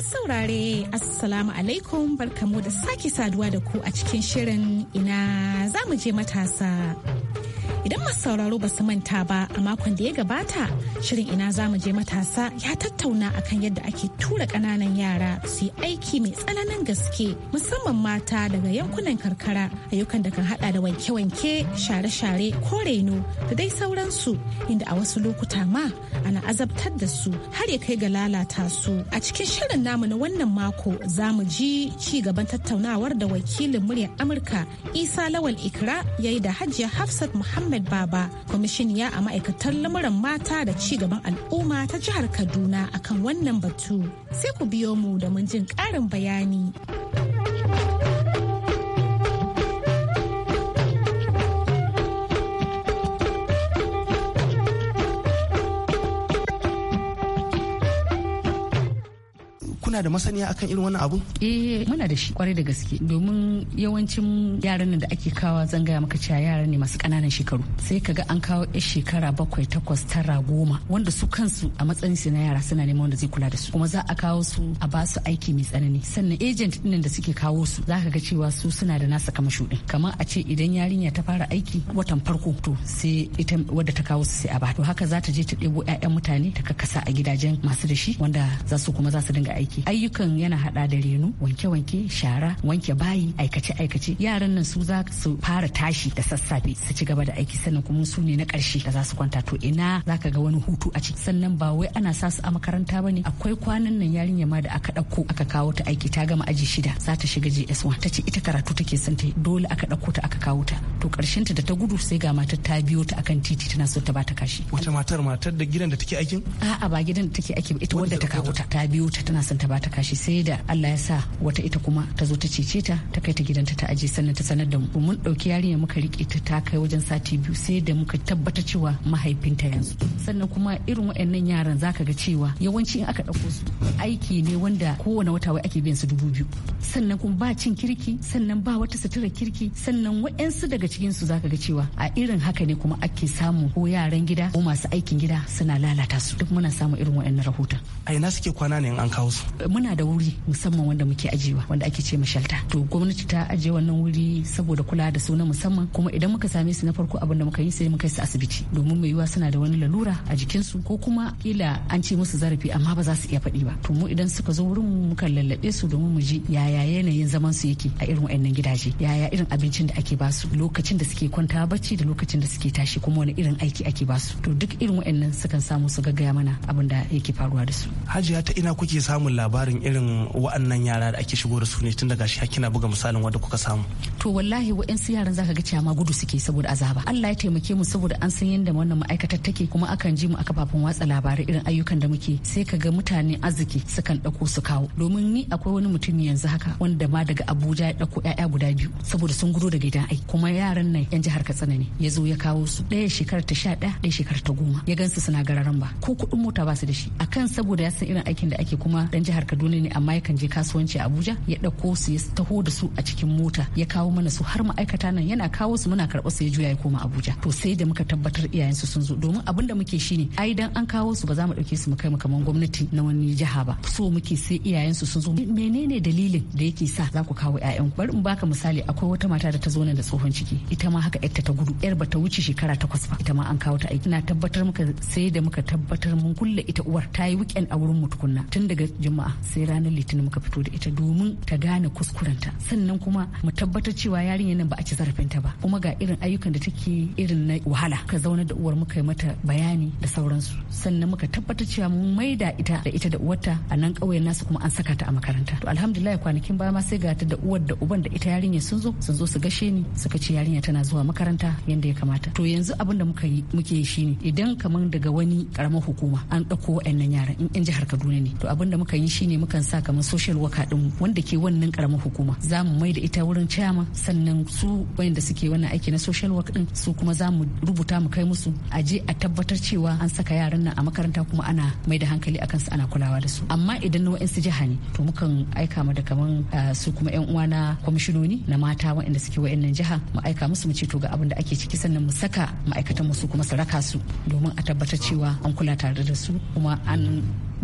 Masu saurare, Assalamu alaikum barkamu da sake saduwa da ku a cikin shirin ina za je matasa. Idan masu sauraro ba su manta ba a makon da ya gabata shirin ina za mu je matasa ya tattauna akan yadda ake tura ƙananan yara su yi aiki mai tsananin gaske musamman mata daga yankunan karkara ayyukan da kan hada da wanke-wanke share-share ko reno da dai sauransu inda a wasu lokuta ma ana azabtar da su har ya kai ga lalata su. A cikin shirin namu na wannan mako za mu ji ci gaban tattaunawar da wakilin muryar Amurka Isa Lawal Ikra ya yi da Hajiya Hafsat Muhammad Ahmed Baba, kwamishin ya a ma'aikatar lamuran mata da ci gaban al'umma ta jihar Kaduna akan wannan batu. Sai ku biyo mu da mun jin ƙarin bayani. kuna da masaniya akan irin wannan abu. eh muna da shi kwarai da gaske domin yawancin yaran da ake kawa zan gaya maka cewa yaran ne masu kananan shekaru sai kaga an kawo yan shekara bakwai takwas tara goma wanda su kansu a matsayin su na yara suna neman wanda zai kula da su kuma za a kawo su a ba su aiki mai tsanani sannan agent ɗin da suke kawo su za ka ga cewa su suna da nasa kama shuɗin kamar a ce idan yarinya ta fara aiki watan farko to sai ita wadda ta kawo su sai a ba to haka za ta je ta ɗebo 'ya'yan mutane ta kakkasa a gidajen masu da shi wanda za su kuma za su dinga aiki wanke ayyukan yana hada da reno wanke-wanke shara wanke bayi aikace-aikace yaran nan su za su fara tashi da sassafe su ci gaba da aiki sannan kuma su ne na karshe da za su kwanta to ina za ka ga wani hutu a ciki sannan ba wai ana sa su a makaranta ba ne akwai kwanan nan yarinya ma da aka ɗauko aka kawo ta aiki ta gama aji shida za ta shiga js1 ta ce ita karatu take son ta dole aka ɗauko ta aka kawo ta to karshen ta da ta gudu sai ga matar ta biyo ta akan titi tana so ta bata kashi wata matar matar da gidan da take aikin a'a ba gidan da take aiki ita wanda ta kawo ta ta biyo ta tana son ta ba ta kashi sai da Allah ya sa wata ita kuma ta zo ta cece ta ta kai ta gidanta ta aje sannan ta sanar da mu mun dauki yarinya muka rike ta ta kai wajen sati biyu sai da muka tabbata cewa mahaifinta yanzu sannan kuma irin waɗannan yaran zaka ga cewa yawanci in aka dauko su aiki ne wanda kowane wata wai ake biyan su dubu biyu sannan kuma ba cin kirki sannan ba wata sutura kirki sannan waɗansu daga cikin su zaka ga cewa a irin haka ne kuma ake samu ko yaran gida ko masu aikin gida suna lalata su duk muna samu irin waɗannan rahoton a ina suke kwana ne in an kawo su muna da wuri musamman wanda muke ajiyewa wanda ake ce mashalta to gwamnati ta ajiye wannan wuri saboda kula da su na musamman kuma idan muka same su na farko abin da muka yi sai muka kai su asibiti domin mai yiwa suna da wani lalura a jikin su ko kuma kila an ce musu zarafi amma ba za su iya faɗi ba to mu idan suka zo wurin mu muka lallabe su domin mu ji yaya yanayin zaman su yake a irin wayannan gidaje yaya irin abincin da ake basu lokacin da suke kwanta bacci da lokacin da suke tashi kuma wani irin aiki ake basu to duk irin wayannan sukan samu su gaggaya mana abin da yake faruwa da su hajiya ta ina kuke samun labarai labarin irin wa'annan yara da ake shigo da su ne tun daga shi kina buga misalin wanda kuka samu to wallahi waɗansu yaran zaka ga cewa ma gudu suke saboda azaba Allah ya taimake mu saboda an san yadda wannan ma'aikatar take kuma akan ji mu a kafafen watsa labarai irin ayyukan da muke sai ka ga mutane arziki sukan dauko su kawo domin ni akwai wani mutum yanzu haka wanda ma daga Abuja ya dauko yaya guda biyu saboda sun gudu daga gidan aiki kuma yaran nan yan jihar Katsina ne ya zo ya kawo su ɗaya shekarar ta sha ɗaya ɗaya shekarar ta goma ya gansu suna gararan ba ko kuɗin mota ba su da shi akan saboda ya san irin aikin da ake kuma dan jihar jihar kaduna ne amma yakan je kasuwanci abuja ya ɗauko su ya taho da su a cikin mota ya kawo mana su har ma'aikata nan yana kawo su muna karɓar su ya juya ya koma abuja to sai da muka tabbatar iyayensu sun zo domin abin da muke shine ai dan an kawo su ba za mu ɗauke su mu kai mu kamar gwamnati na wani jiha ba so muke sai iyayensu sun zo menene dalilin da yake sa za ku kawo ƴaƴan bari in baka misali akwai wata mata da ta zo nan da tsohon ciki ita ma haka yarta ta gudu yar bata wuce shekara takwas ba ita ma an kawo ta aiki na tabbatar muka sai da muka tabbatar mun kulle ita uwar ta yi weekend a wurin mu tukunna tun daga juma'a sai ranar litinin muka fito da ita domin ta gane kuskurenta sannan kuma mu tabbatar cewa yarinyar nan ba a ci zarafinta ba kuma ga irin ayyukan da take irin na wahala ka zauna da uwar muka yi mata bayani da sauransu sannan muka tabbatar cewa mun maida ita da ita da uwarta a nan ƙauyen nasu kuma an saka ta a makaranta to alhamdulillah kwanakin baya ma sai ga ta da uwar da uban da ita yarinyar sun zo sun zo su gashe ni suka ce yarinya tana zuwa makaranta yadda ya kamata to yanzu abin da muka yi muke yi ne idan kamar daga wani karamar hukuma an ɗauko wa'annan yaran in yan jihar Kaduna ne to abin da muka yi shine mukan sa kamar social worker din wanda ke wannan karamar hukuma za mu mai da ita wurin chairman sannan su wayanda suke wannan aiki na social work din su kuma za mu rubuta mu kai musu a je a tabbatar cewa an saka yaran nan a makaranta kuma ana mai da hankali akan su ana kulawa da su amma idan na wa'insu jiha ne to mukan aika ma da kamar ah, su kuma yan uwa na kwamishinoni na mata wa'anda suke nan jiha mu aika musu mu ce to ga abin da ake ciki sannan mu saka ma'aikatan mu su kuma su raka su domin a tabbatar cewa an kula tare da su kuma an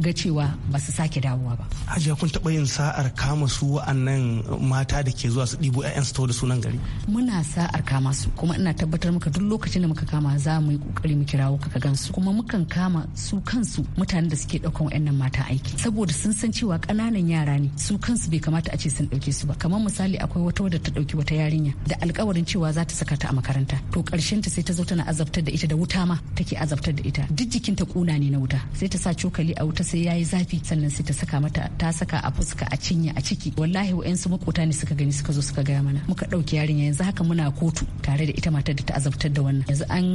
ga cewa ba su sake dawowa ba. Hajiya kun taɓa yin sa'ar kama su wa'annan mata da ke zuwa su ɗibo 'ya'yan su da sunan gari? Muna sa'ar kama su kuma ina tabbatar maka duk lokacin da muka kama za mu yi ƙoƙari mu kirawo ka gansu kuma mukan kama su kansu mutanen da suke ɗaukan wa'annan mata aiki saboda sun san cewa ƙananan yara ne su kansu bai kamata a ce sun ɗauke su ba kamar misali akwai wata wadda ta ɗauki wata yarinya da alƙawarin cewa za ta saka ta a makaranta to ƙarshen ta sai ta zo tana azabtar da ita da wuta ma take azabtar da ita duk jikinta ƙuna ne na wuta sai ta sa cokali a wuta sai ya yi zafi sannan sai ta saka mata ta saka a fuska a cinya a ciki wallahi wa'ansu makota ne suka gani suka zo suka gaya mana muka ɗauki yarinya yanzu haka muna kotu tare da ita matar da ta azabtar da wannan yanzu an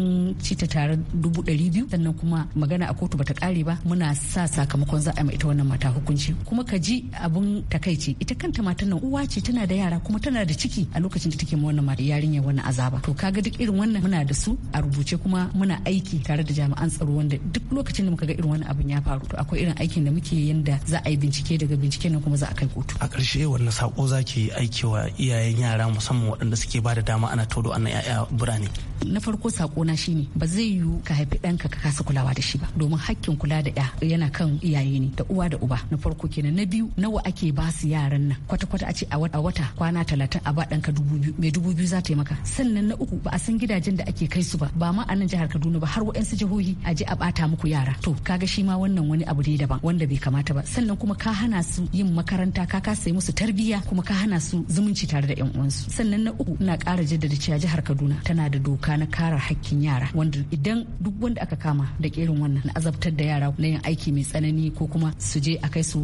ci ta tare dubu ɗari biyu sannan kuma magana a kotu bata ƙare ba muna sa sakamakon za a ita wannan mata hukunci kuma ka ji abun takaici ita kanta matar nan uwa ce tana da yara kuma tana da ciki a lokacin da take ma wannan mata yarinya wannan azaba to kaga duk irin wannan muna da su a rubuce kuma muna aiki tare da jami'an tsaro wanda duk lokacin da muka ga irin wannan abin ya faru to akwai irin aikin da muke yanda za a yi bincike daga bincike nan kuma za a kai kotu a ƙarshe wannan sako zaki aikewa iyayen yara musamman waɗanda suke ba da dama ana todo ana yaya birane na farko sako na shine ba zai yiwu ka haifi ɗanka ka kasa kulawa da shi ba domin hakkin kula da ɗa yana kan iyaye ne da uwa da uba na farko kenan na biyu nawa ake ba su yaran nan kwata kwata a ce a wata kwana talatin a ba ɗanka dubu biyu mai dubu biyu za ta yi maka sannan na uku ba a san gidajen da ake kai su ba ba ma a nan jihar Kaduna ba har waɗansu jihohi a je a ɓata muku yara to ka ga shi ma wannan wani abu ne daban wanda bai kamata ba sannan kuma ka hana su yin makaranta ka kasa yi musu tarbiyya kuma ka hana su zumunci tare da 'yan uwansu sannan na uku ina ƙara jaddada cewa jihar Kaduna tana da doka doka na kare hakkin yara wanda idan duk wanda aka kama da kerin wannan na azabtar da yara na yin aiki mai tsanani ko kuma su je a kai su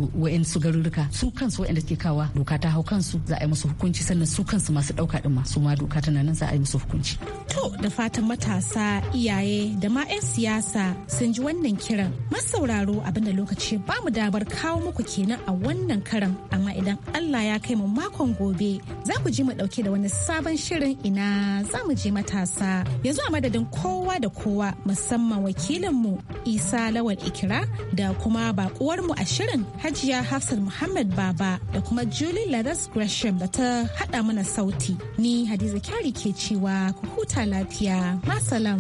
su garurruka su kansu wa'inda suke kawa doka ta hau kansu za a yi musu hukunci sannan su kansu masu ɗauka ɗin ma su ma doka tana nan za a yi musu hukunci. To da fatan matasa iyaye da ma 'yan siyasa sun ji wannan kiran masauraro abinda lokaci ba mu dabar kawo muku kenan a wannan karan amma idan Allah ya kai mu makon gobe za ku ji mu ɗauke da wani sabon shirin ina za mu je matasa. Yanzu a madadin kowa da kowa musamman wakilinmu Isa Lawal Ikira da kuma bakuwarmu a shirin Hajiya Hafsat Muhammad Baba da kuma Julie Ladas Gresham da ta hada mana sauti. Ni Hadiza Kyari ke cewa ku huta lafiya. Masalam.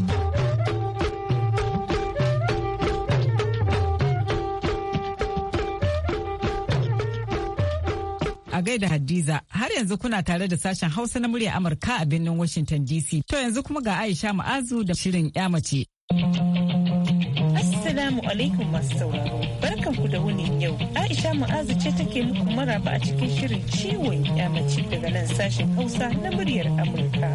a gaida Hadiza har yanzu kuna tare da sashen Hausa na murya Amurka a birnin Washington DC. To yanzu kuma ga Aisha Ma'azu da shirin 'ya mace. Assalamu alaikum masu sauraro. Barkan ku da wuni yau. Aisha Mu'azu ce take muku maraba a cikin shirin ciwon yamaci daga nan sashen Hausa na muryar Amurka.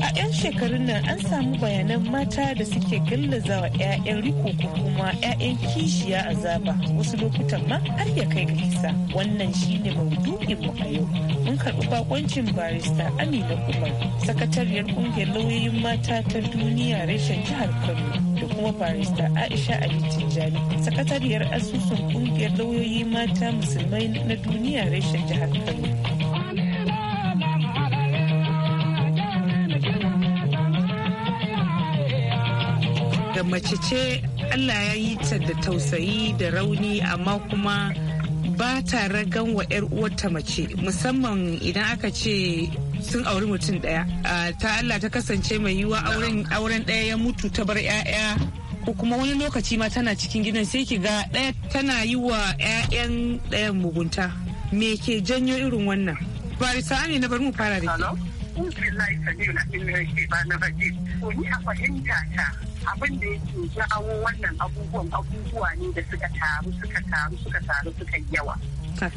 A 'yan shekarun nan an samu bayanan mata da suke gallazawa 'ya'yan riko ko kuma 'ya'yan kishiya a zaba wasu lokutan ma har ya kai ga kisa. Wannan shine ba mu a yau. Mun karɓi bakoncin barista Amina Umar, sakatariyar ƙungiyar lauyoyin mata ta duniya reshen jihar Kano. da kuma barista aisha ali tijjani sakatariyar asusun kungiyar lauyoyi mata musulmai na duniya reshen jihar kano da mace ce allah ya yi ta da tausayi da rauni amma kuma ba ta ragan wa 'yar uwarta mace musamman idan aka ce sun auri mutum daya ta Allah ta kasance mai yiwa auren daya ya mutu ta bar 'ya'ya ko kuma wani lokaci ma tana cikin gidan sai ki ga daya tana yi wa 'ya'yan dayan mugunta me ke janyo irin wannan barisa ne na bari mu fara da ke. Ni a fahimta ta abin da yake jawo wannan abubuwan abubuwa ne da suka taru suka taru suka taru suka yawa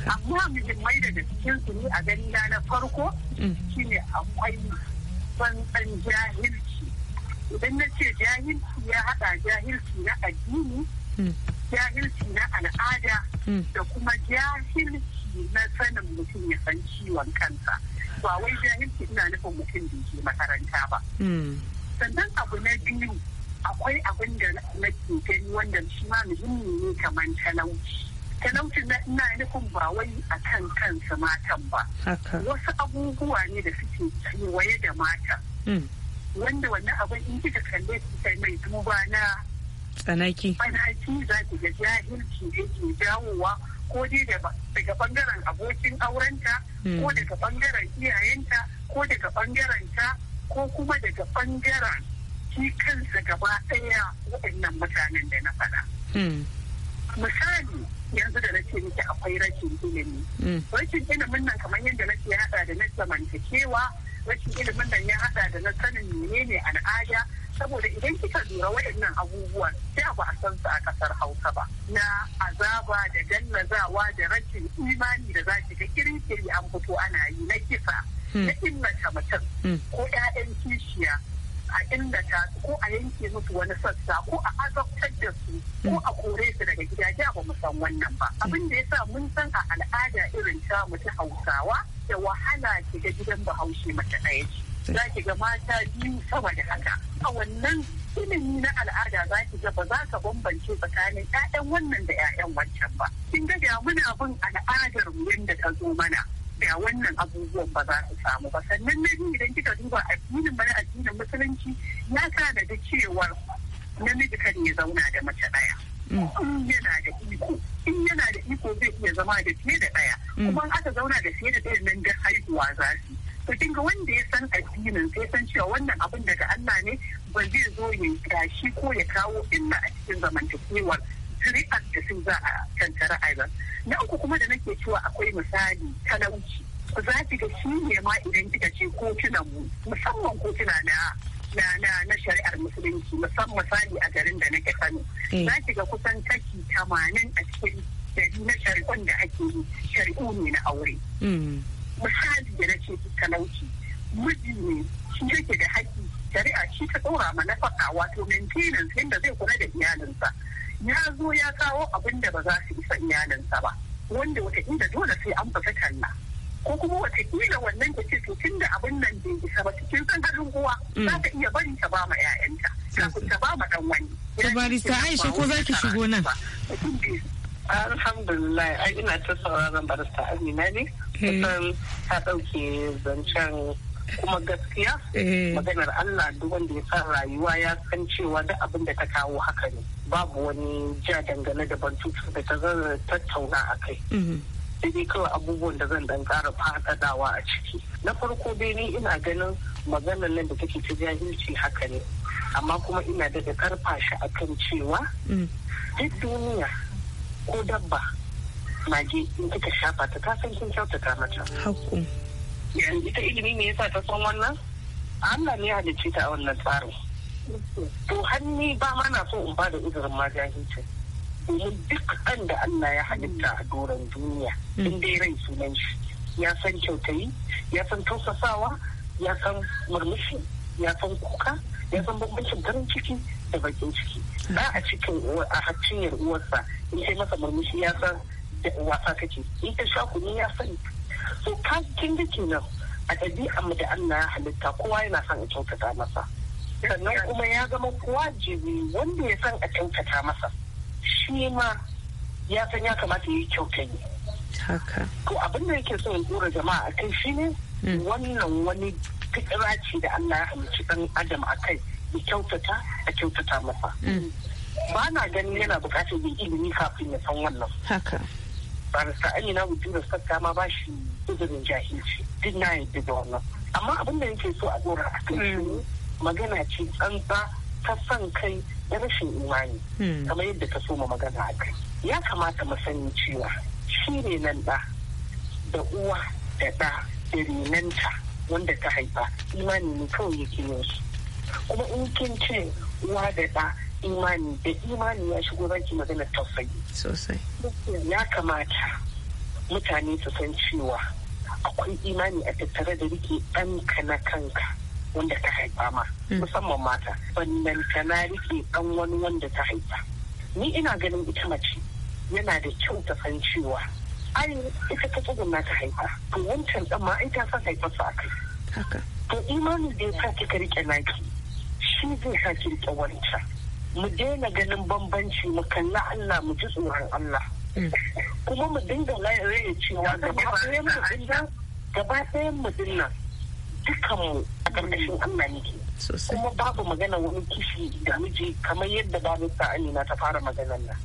amma muhimmai da cikin su ne a gani na farko mm. shine akwai tsantsan jahilci idan na ce jahilci ya haɗa jahilci na addini mm. jahilci na al'ada mm. da kuma jahilci na sanin mutum ya san ciwon kansa ba wai jahilci ina nufin mutum da ke makaranta ba sannan abu na biyu akwai abin da na gani wanda shi ma muhimmi ne kamar talauci Talauci na ina nufin ba wai a kan kansa matan ba wasu abubuwa ne da suke kewaye da mata hmm. wanda wannan abin in kika kalle su sai mai duba na tsanaki tsanaki za ki ga jahilci da ke dawowa ko dai daga bangaren abokin aurenta hmm. ko daga bangaren iyayenta ko daga bangaren ta ko kuma daga bangaren shi kansa gaba ɗaya waɗannan mutanen da na faɗa. Hmm. Misali yanzu da nake miki akwai rashin ilimi. Hmm. Rashin ilimin nan kamar yadda nake haɗa da na zamantakewa rashin ilimin nan ya haɗa da na sanin menene al'ada saboda idan kika lura waɗannan abubuwan sai ba a san su a ƙasar Hausa ba na azaba da gallazawa da rashin imani da za ki ga kiri an fito ana yi na kisa hmm. na illata mutum ko 'ya'yan kishiya a ta su ko a yanke musu wani sassa ko a azabtar da su ko a kore su daga gidaje ba mu san wannan ba abin da yasa mun san a al'ada irin ta mu ta hausawa da wahala ke ga gidan bahaushe mata ɗaya ce za ki ga mata biyu sama da haka a wannan ilimi na al'ada za ki ga ba za ka bambance tsakanin 'ya'yan wannan da 'ya'yan wancan ba kin ga muna bin al'adar mu yadda ta zo mana da wannan abubuwan ba za su samu ba sannan na biyu idan kika duba addinin bana addinin musulunci ya kana da cewa namiji kan ya zauna da mace daya mm. in yana da iko in yana da iko zai iya zama da fiye da ɗaya mm. kuma aka zauna da fiye da ɗaya nan da haihuwa za su to kin ga wanda ya san addinin sai san cewa wannan abin daga Allah ne ba zai zo ya tashi ko ya kawo illa a cikin zamantakewar shari'ar da sun za a tantara a ba na uku kuma da nake cewa akwai misali talauci za ki ga shi ne ma idan kika ce kotunan mu musamman kotuna na na na na shari'ar musulunci musamman misali a garin da nake Kano eh. za ki ga kusan kashi tamanin a cikin dari na shari'un da ake yi shari'u ne na aure hmm. misali da nace talauci miji ne shi yake da haƙƙi shari'a shi ta tsora ma nafaka faɗa wato maintenance yadda zai kula da iyalinsa ya zo ya kawo abin da ba za su isa iyalinsa ba wanda wata inda dole sai an fasa talla ko kuma kila wannan da ce to tun da abin nan bai isa ba cikin san halin uwa mm. za ka iya bari ta ba ma 'ya'yanta ta ba ma dan wani. Barista Aisha ko za ki shigo nan? alhamdulillah ai ina ta sauraron barista amina ne hmm. kusan ta ɗauke zancen kuma gaskiya eh. maganar Allah duk wanda ya san rayuwa ya san cewa da abin da ta kawo haka ne babu wani ja dangane da bantutu da ta zan tattauna a kai. Mhm. Sai dai kawai abubuwan da zan dan ƙara fadadawa a ciki. Na farko dai ni ina ganin maganar nan da take ta jahilci haka ne. Amma kuma ina daga karfashi akan cewa mm. duk duniya ko dabba mage in kika shafa ta ta san kin kyautata mata. yanzu ta ilimi me yasa ta san wannan Allah ne halicci ta a wannan tsarin to hanni ba ma na so in bada izinin ma jahilci domin duk da Allah ya halitta a doron duniya hmm. in dai rai sunan shi ya san kyautayi ya san tausasawa ya san murmushi ya san kuka ya san bambancin garin ciki da bakin ciki ba a cikin a hacciyar uwarsa in sai masa murmushi ya san wasa kake in ta sha kunu ya sani. so ka kin kenan a ɗabi'ar mu da Allah ya halitta kowa yana son a kyautata masa sannan kuma ya zama wajibi wanda ya san a kyautata masa shi ma ya san ya kamata ya yi ne yi. to abin da yake son ya dora jama'a a kai shine hmm. wannan wani fikira ce da Allah ya halicci dan adam a kai ya kyautata a kyautata masa hmm. ba na ganin yana bukatar yin ilimi kafin ya san wannan barista amina da Sarka ma ba shi izinin jahilci duk na yadda da wannan amma abin da yake so a dora a kan shi magana ce tsantsa ta san kai da rashin imani hmm. kamar yadda ta so ma magana a kai ya kamata mu sani cewa shi ne nan da da uwa da da irinanta wanda ta haifa imani ne kawai yake yin su kuma in kin ce uwa da da. imani da imani ya shigo zaki magana tausayi sosai ya kamata mutane su san cewa akwai imani a tattare da rike ɗanka na kanka wanda ta haifa ma hmm. musamman mata wannan kana rike ɗan wani wanda ta haifa ni ina ganin ita mace yana da kyau ta san cewa ai ita ta na ta haifa to wancan ɗan ma ai ta san su a kai to imani da ya sa kika rike naki shi zai sa wancan mu daina ganin bambanci mu kalli Allah mu ji tsoron Allah mm. kuma mu dinga laye cewa gaba ɗayan mu dinga gaba ɗayan mu dinga mu a ƙarƙashin Allah ne kuma babu magana wani kishi da miji kamar yadda babu Amina ta fara maganar nan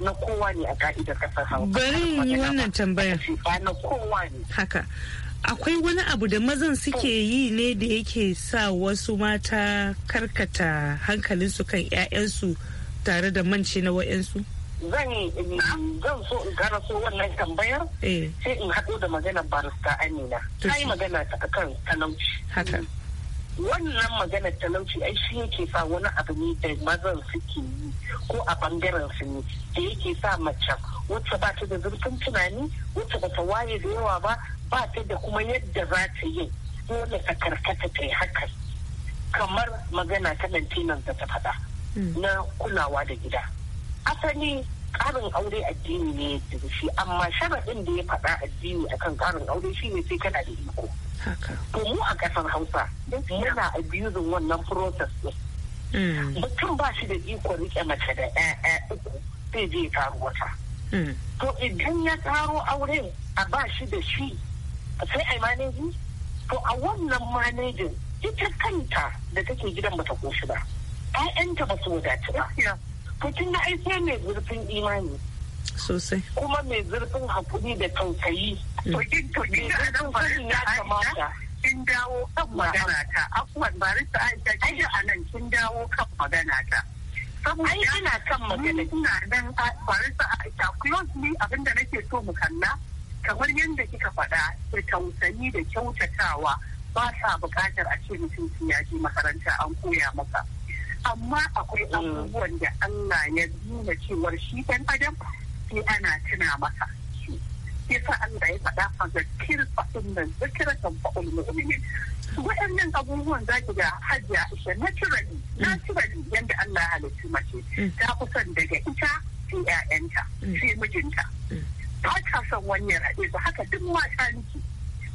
na kowa ne a ka'idar ƙasar Hausa bari yi wannan tambayar na kowa ne haka akwai wani abu da mazan suke yi ne da yake sa wasu mata karkata hankalinsu kan 'ya'yansu tare da mance na wa'yansu? zan zan so in gara so wannan tambayar eh. sai in haɗo da magana barista amina ta yi magana ta kan talauci wannan magana talauci ai shi yake sa wani abu ne da mazan suke yi ko a bangaren su ne da yake sa mace wacce ba ta da zurfin tunani wacce ba ta waye da yawa ba ba ta da kuma yadda za ta yi dole ta karkata ta yi hakan kamar magana ta lantinan da ta faɗa hmm. na kulawa da gida asali ƙarin aure addini ne da shi amma sharaɗin da ya faɗa addini a kan ƙarin aure shi ne sai kana da iko to mu a ƙasar hausa yana abusing wannan process ɗin hmm. mutum ba shi da iko riƙe mace da ɗaya uku sai je ya wata hmm. to idan ya karo auren a ba shi da shi sai a yi maneji to a wannan manejin ita kanta da take gidan ba ta koshi ba ƴaƴanta ba su wadaci ba to tun da ai sai mai zurfin imani sosai kuma mai zurfin hakuri da tausayi to in to da nan ba ya kamata kin dawo kan magana ta akwai barista Aisha kin nan kin dawo kan magana ta saboda ai ina kan magana ina nan barista Aisha closely abinda nake so mu kanna kamar yadda kika faɗa da tausayi da kyautatawa ba sa buƙatar a ce mutum ya je makaranta an koya maka, amma akwai mm. abubuwan da Allah ya nuna cewar shi dan adam sai ana tuna masa sa Allah ya faɗa a ga faɗin nan zakira kan fa'ul mu'minin waɗannan abubuwan za ki ga hajja ishe naturally mm. naturally yadda Allah ya halittu mace mm. ta kusan daga ita sai 'ya'yanta sai mijinta ba ta son wannan rabe ba haka duk mata niki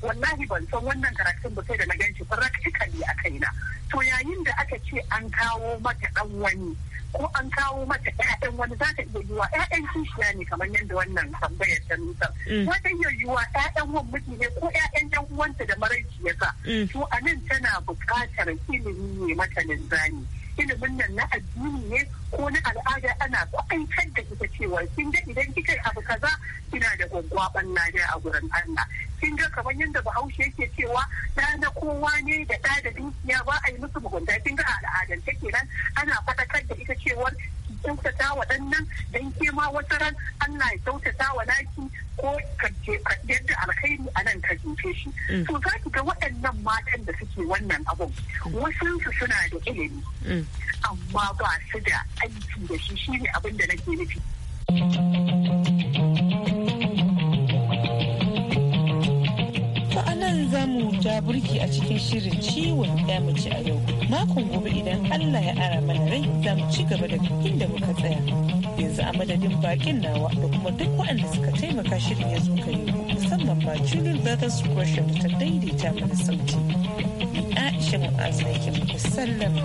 wallahi ban san wannan karatun ba sai da na ganshi practically a kaina to yayin da aka ce an kawo mata dan wani ko an kawo mata ƴaƴan wani za ta iya yiwa ƴaƴan kishiya ne kamar yadda wannan tambayar ta nusa mm. za ta iya yiwa ƴaƴan wan miji ne ko ƴaƴan ƴan uwanta da maraici ya sa mm. to a nan tana buƙatar ilimi ne mata linzami ilimin nan na addini ne ko na al'ada ana kwaitar da ita cewa kin ga idan kika abu kaza kina da gwaggwaban ne a gurin Allah kin ga kamar yadda Bahaushe yake cewa da na kowa ne da da da dukiya ba a yi musu mugunta kin ga al'adance nan ana faɗakar da ita cewar kyautata wa dan nan dan ma wata ran Allah ya kyautata wa laki ko ka yadda alkhairi a nan ka jefe shi mm. to za ki ga waɗannan matan da suke wannan abun mm. wasansu suna da ilimi mm. amma ba su da aiki da shi shine abin da nake nufi nan za mu ja burki a cikin shirin ciwon ya mace a yau. Makon gobe idan Allah ya ara mana rai za mu ci gaba daga inda muka tsaya. Yanzu a madadin bakin nawa da kuma duk waɗanda suka taimaka shirin ya zo kai musamman ba Julie Brothers Gresham ta daidaita mana sauti. Aisha Mu'azza yake muku sallama.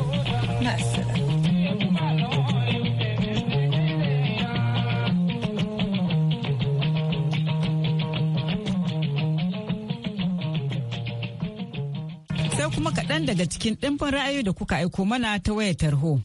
kuma kaɗan daga cikin ɗimbin ra'ayoyi da kuka aiko mana ta wayar tarho.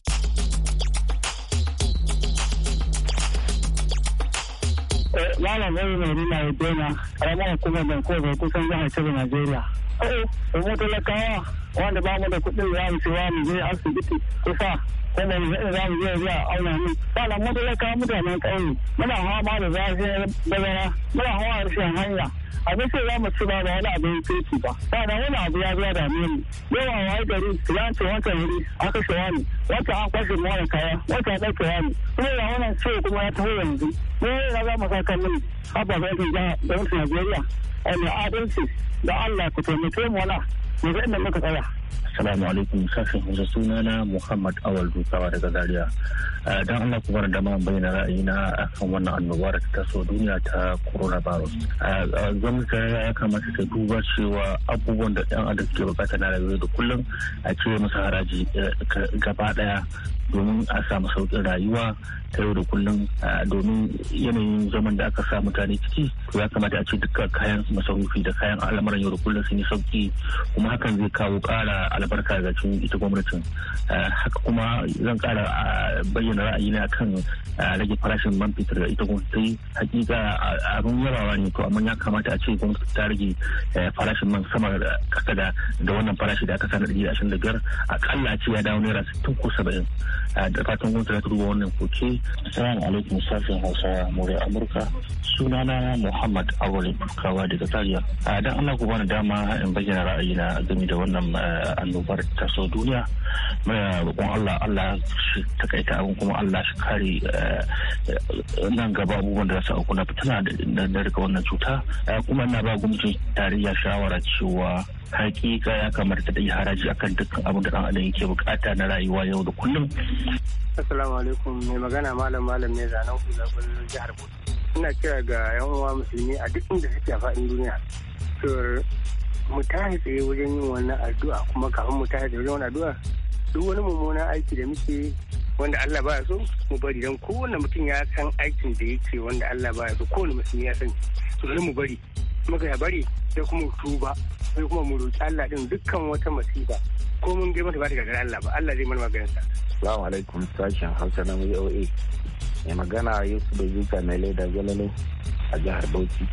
Lala Mary Marina Edena, ƙaramar hukumar Vancouver kusan jihar Kebbi, Najeriya. Oh, mu talakawa wanda ba mu da kuɗin za mu cewa mu je asibiti kusa kuma mu zai za mu je zuwa auna mu. Lala mu talakawa mutanen ƙauye muna hawa da zafi bazara muna hawa harshen hanya. abin sai za mu ci ba wani abu ya ce ba ba da wani abu ya zuwa da mu yawa wai gari ya wata yari aka shawa ne wata an kwashe mu wani kaya wata ɗauke wani kuma ya wani ce kuma ya taho yanzu ne ya za mu sa kan mini haba ga yanzu Najeriya a adalci da Allah ku taimake mu wala mu ga inda muka tsaya. Assalamu alaikum sashen Hausa sunana Muhammad Awal Dukawa daga Zaria. Uh, Don Allah ku bar dama bayyana ra'ayina kan wannan annoba da ta taso duniya ta coronavirus. Uh, uh, gwamnati ya kamata ta duba cewa abubuwan da yan adam ke bukata na rayuwa da kullum a cire masa haraji gaba ɗaya domin a samu sauƙin rayuwa ta yau da kullum domin yanayin zaman da aka sa mutane ciki to ya kamata a ce duka kayan masarufi da kayan al'amuran yau da kullum sun yi sauƙi kuma hakan zai kawo ƙara albarka ga cikin ita gwamnatin eh, haka kuma zan kara bayyana ra'ayina kan rage farashin man fetur da ita gwamnati hakika abin yabawa ne to amma ya kamata a ce gwamnati ta rage eh, farashin man sama da da wannan farashi da aka sani da ashirin da biyar akalla ce ya dawo naira sittin ko saba'in eh, da fatan gwamnati za ta duba wannan koke. Assalamu alaikum sashen Hausa Murya Amurka sunana Muhammad Awali Kawa daga Tariya. Dan Allah ku bani dama in bayyana ra'ayina game da wannan annobar ta taso duniya mai roƙon Allah Allah shi ta abin kuma Allah shi kare eh, nan gaba abubuwan da za su na fitina da daga wannan cuta eh, kuma na ba gwamnatin tarayya shawara cewa hakika ya kamata ta yi haraji akan dukkan abin da ɗan adam yake bukata na rayuwa yau da kullum assalamu alaikum mai magana malam malam ne zanen kula kullum jihar Bauchi ina kira ga yan uwa musulmi a duk inda suke a faɗin duniya mu tashi tsaye wajen yin wannan addu'a kuma kafin mu tashi wajen wannan addu'a duk wani mummunan aiki da muke wanda Allah ba so mu bari don kowane mutum ya san aikin da yake wanda Allah ba so kowane mutum ya san to zai mu bari muka ya bari sai kuma tuba sai kuma mu roƙi Allah din dukkan wata masifa ko mun ga mata ba ta gagara Allah ba Allah zai mana maganar sa Assalamu alaikum sashen Hausa na VOA mai magana Yusuf Bazuka mai leda Zalalo a jihar Bauchi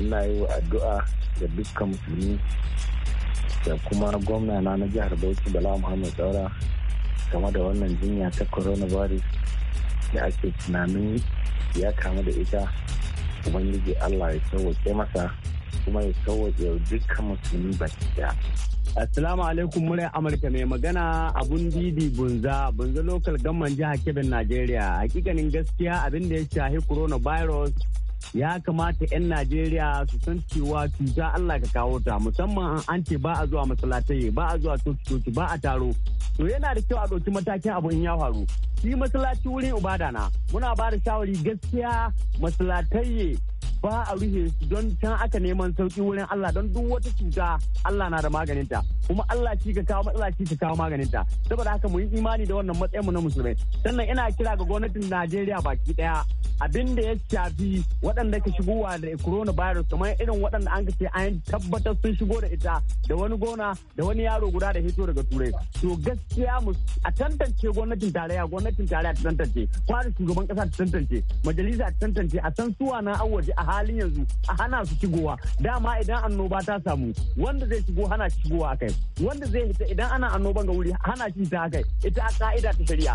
ina yi addu'a ga dukkan musulmi da kuma gwamna na na jihar bauchi bala muhammad daura game da wannan jinya ta coronavirus da ake tunanin ya kamu da ita ubangiji allah ya sauwake masa kuma ya sauwake dukkan musulmi baki daya Assalamu alaikum murai Amurka mai magana abun didi bunza bunza lokal gamman jihar Kebbi Najeriya hakikanin gaskiya abin da ya shahi coronavirus ya kamata 'yan najeriya su san cewa cuta allah ka kawo ta musamman an ce ba a zuwa masallatai ba a zuwa coci-coci ba a taro to yana da kyau a ɗauki matakin abu in ya faru shi masallaci wurin ibada na muna ba da shawari gaskiya masalatai ba a rufe su don can aka neman sauki wurin Allah don duk wata cuta Allah na da maganinta kuma Allah shi ka kawo matsala shi ka kawo maganinta saboda haka mu yi imani da wannan matsayin na musulmai sannan ina kira ga gwamnatin Najeriya baki daya abin da ya shafi waɗanda ka shigowa da coronavirus kamar irin waɗanda an ka ce an tabbatar sun shigo da ita da wani gona da wani yaro guda da hito daga turai to gaskiya mu a tantance gwamnatin tarayya gwamnatin tarayya ta tantance kwari shugaban kasa ta tantance majalisa ta tantance a san suwa na awaji a halin yanzu a hana su shigowa dama idan annoba ta samu wanda zai shigo hana shi shigowa kai wanda zai hita idan ana annoban ga wuri hana shi ta kai ita a ka'ida ta shari'a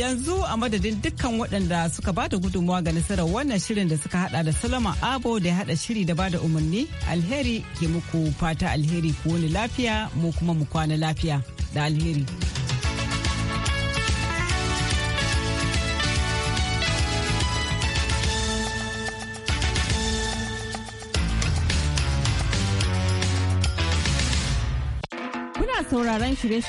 yanzu a madadin dukkan waɗanda suka ba da gudunmawa ga nasarar wannan shirin da suka hada da salama abo da ya hada shiri da ba da umarni alheri ke muku fata alheri ku wani lafiya mu kuma mu kwana lafiya da alheri. Kuna sauraron shirye